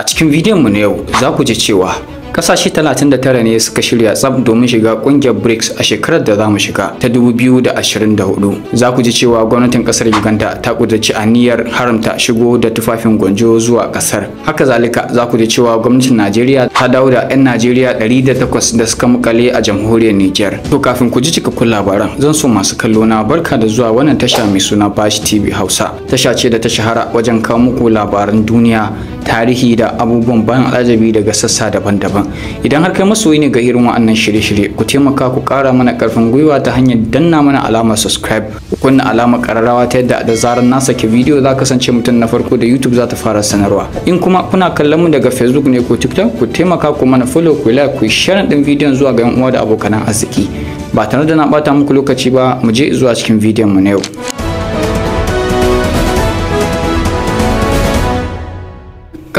A cikin bidiyon mu na yau za ku ji cewa Kasashe 39 ne suka shirya tsab domin shiga kungiyar BRICS a shekarar da za mu shiga ta 2024. Za ku ji cewa gwamnatin kasar Uganda ta kudurci aniyar haramta shigo da tufafin gwanjo zuwa kasar. Haka zalika za ku ji cewa gwamnatin Najeriya ta dawo da 'yan Najeriya 108 da suka mukale a jamhuriyar Niger. To kafin ku ji cikakkun labaran zan so masu kallo na barka da zuwa wannan tasha mai suna Bash TV Hausa. Tasha ce da ta shahara wajen kawo muku labaran duniya, tarihi da abubuwan ban alajabi daga sassa daban-daban. idan har kai masoyi ne ga irin wa'annan shirye-shirye ku taimaka ku kara mana karfin gwiwa ta hanyar danna mana alamar subscribe kunna alamar kararrawa ta yadda da zarar na saki bidiyo za sance mutum na farko da youtube za ta fara sanarwa in kuma kuna kallon mu daga facebook ne ko tiktok ku taimaka ku mana follow ku like ku share din bidiyon zuwa ga yan uwa da abokan arziki ba tare da na bata muku lokaci ba mu je zuwa cikin bidiyon mu na yau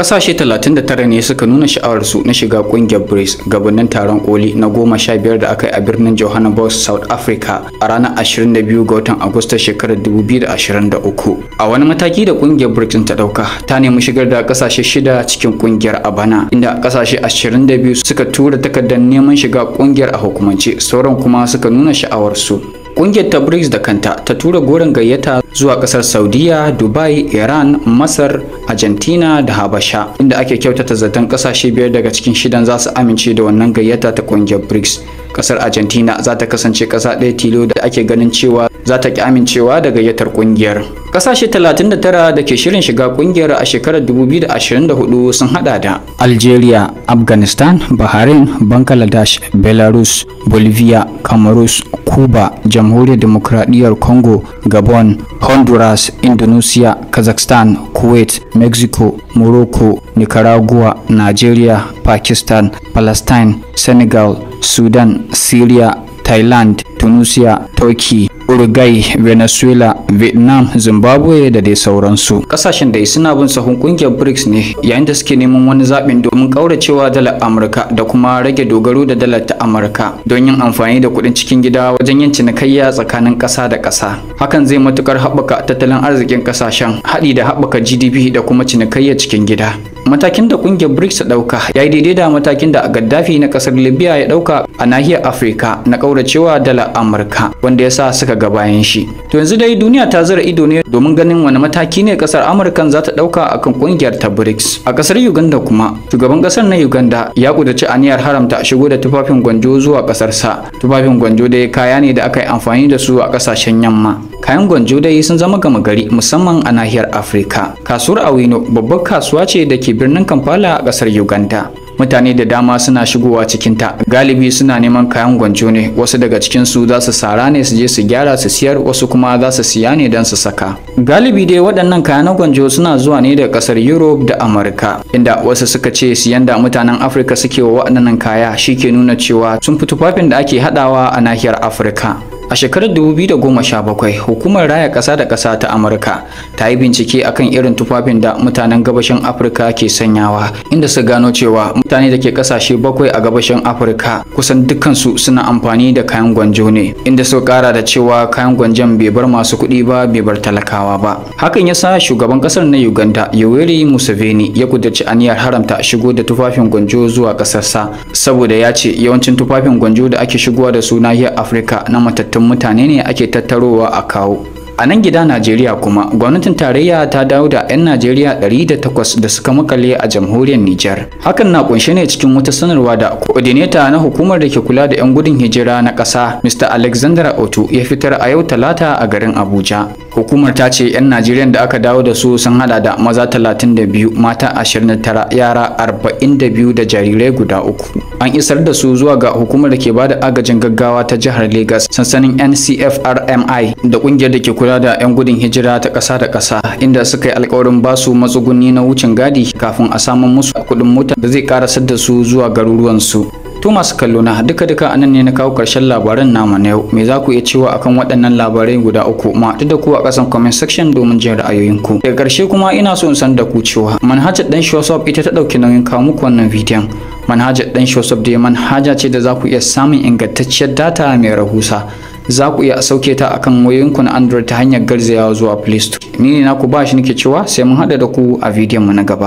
Kasashe 39 ne suka nuna sha'awarsu na shiga kungiyar BRICS gabanin taron koli na 15 da aka yi a birnin Johannesburg, South Africa a ranar 22 ga watan Agusta shekarar 2023. A wani mataki da kungiyar BRICS ta dauka, ta nemi shigar da kasashe shida cikin kungiyar a bana, inda kasashe 22 suka tura takardar neman shiga kungiyar a hukumance, sauran kuma suka nuna sha'awarsu. Ƙungiyar ta BRICS da kanta ta tura goron gayyata zuwa ƙasar Saudiya, Dubai, Iran, Masar, Argentina da Habasha, inda ake kyautata zaton ƙasashe biyar daga cikin shidan za su amince da wannan gayyata ta ƙungiyar BRICS. Ƙasar Argentina za ta kasance ƙasa ɗaya tilo da ake ganin cewa za ta ki amincewa da gayyatar ƙungiyar. Kasashe 39 da ke shirin shiga kungiyar a shekarar 2024 sun hada da Algeria, Afghanistan, Bahrain, Bangladesh, Belarus, Bolivia, Cameroon, Cuba, Jamhuriyar Demokradiyyar Congo, Gabon, Honduras, Indonesia, Kazakhstan, Kuwait, Mexico, Morocco, Nicaragua, Nigeria, Pakistan, Palestine, Senegal, Sudan, Syria, Thailand, Tunisia, Turkey, Uruguay, Venezuela, Vietnam, Zimbabwe da dai sauransu. Kasashen da suna bin sahun kungiyar BRICS ne yayin da suke neman wani zaɓin domin ƙauracewa dalar Amurka da kuma rage dogaro da dalar ta Amurka don yin amfani da kuɗin cikin gida wajen yin cinikayya tsakanin ƙasa da ƙasa. Hakan zai matukar haɓaka tattalin arzikin kasashen haɗi da haɓaka GDP da kuma cinikayya cikin gida. Matakin da kungiyar BRICS ta ɗauka ya yi daidai da matakin da Gaddafi na ƙasar Libya ya ɗauka a nahiyar Afirka na ƙauracewa dalar Amurka wanda ya suka Amurka ga bayan shi to yanzu dai duniya ta zura ido ne domin ganin wani mataki ne kasar amurka za ta dauka kan kungiyar ta brics a kasar uganda kuma shugaban kasar na uganda ya kudaci aniyar haramta shigo da tufafin gwanjo zuwa kasar sa tufafin gwanjo dai kaya ne da aka yi amfani da su a kasashen yamma kayan gwanjo dai sun zama gama gari musamman a nahiyar afirka kasuwar awino babbar kasuwa ce da ke birnin kampala a kasar uganda mutane da dama suna shigowa cikin ta galibi suna neman kayan gwanjo ne wasu daga cikinsu za su sara ne su je su gyara su siyar wasu kuma za su siya ne don su saka galibi dai waɗannan kayan gwanjo suna zuwa ne daga ƙasar europe da amurka inda wasu suka ce siyan da mutanen afirka suke wa waɗannan kaya shike nuna cewa sun fi tufafin da ake haɗawa a nahiyar afirka A shekarar 2017, hukumar raya ƙasa da ƙasa ta Amurka ta yi bincike akan irin tufafin da mutanen gabashin Afirka ke sanyawa, inda su gano cewa mutane da ke ƙasashe bakwai a gabashin Afirka kusan dukkansu suna amfani da kayan gwanjo ne, inda su ƙara da cewa kayan gwanjon bai bar masu kuɗi ba bai bar talakawa ba. Hakan ya sa shugaban ƙasar na Uganda Yoweri Museveni ya kudurci aniyar haramta shigo da tufafin gwanjo zuwa ƙasarsa, saboda ya ce yawancin tufafin gwanjo da ake shigowa da su nahiyar Afirka na matattun mutane ne ake tattarowa a kawo a nan gida najeriya kuma gwamnatin tarayya ta dawo da 'yan najeriya 108 da suka makale a jamhuriyar nijar hakan na kunshe ne cikin wata sanarwa da coordinator na hukumar da ke kula da 'yan gudun hijira na ƙasa mr alexander otu ya fitar a yau talata a garin abuja hukumar ta ce 'yan najeriya da aka dawo da su sun hada da maza 32 mata 29 yara 42 da jarirai guda uku an isar da su zuwa ga hukumar da ke bada agajin gaggawa ta jihar Legas, sansanin ncfrmi da ƙungiyar da ke kula da 'yan gudun hijira ta ƙasa da ƙasa inda suka yi alƙawarin ba su matsuguni na wucin gadi kafin a samun musu kuɗin mota da zai ƙara da su zuwa garuruwansu. To masu kallo na duka duka anan ne na kawo ƙarshen labaran namu na yau me za ku iya cewa akan waɗannan labarai guda uku ma duk da ku a ƙasan comment section domin jin ra'ayoyinku. Daga ƙarshe kuma ina so in san da ku cewa manhajar ɗan Shosop ita ta ɗauki nauyin kawo muku wannan bidiyon. Manhajar ɗan Shosop dai manhaja ce da za ku iya samun ingantacciyar data mai rahusa. za ku iya sauke ta akan wayoyinku na Android ta hanyar garzayawa zuwa Play Store. Ni ne ku ba shi nake cewa sai mun haɗa da ku a bidiyon mu na gaba.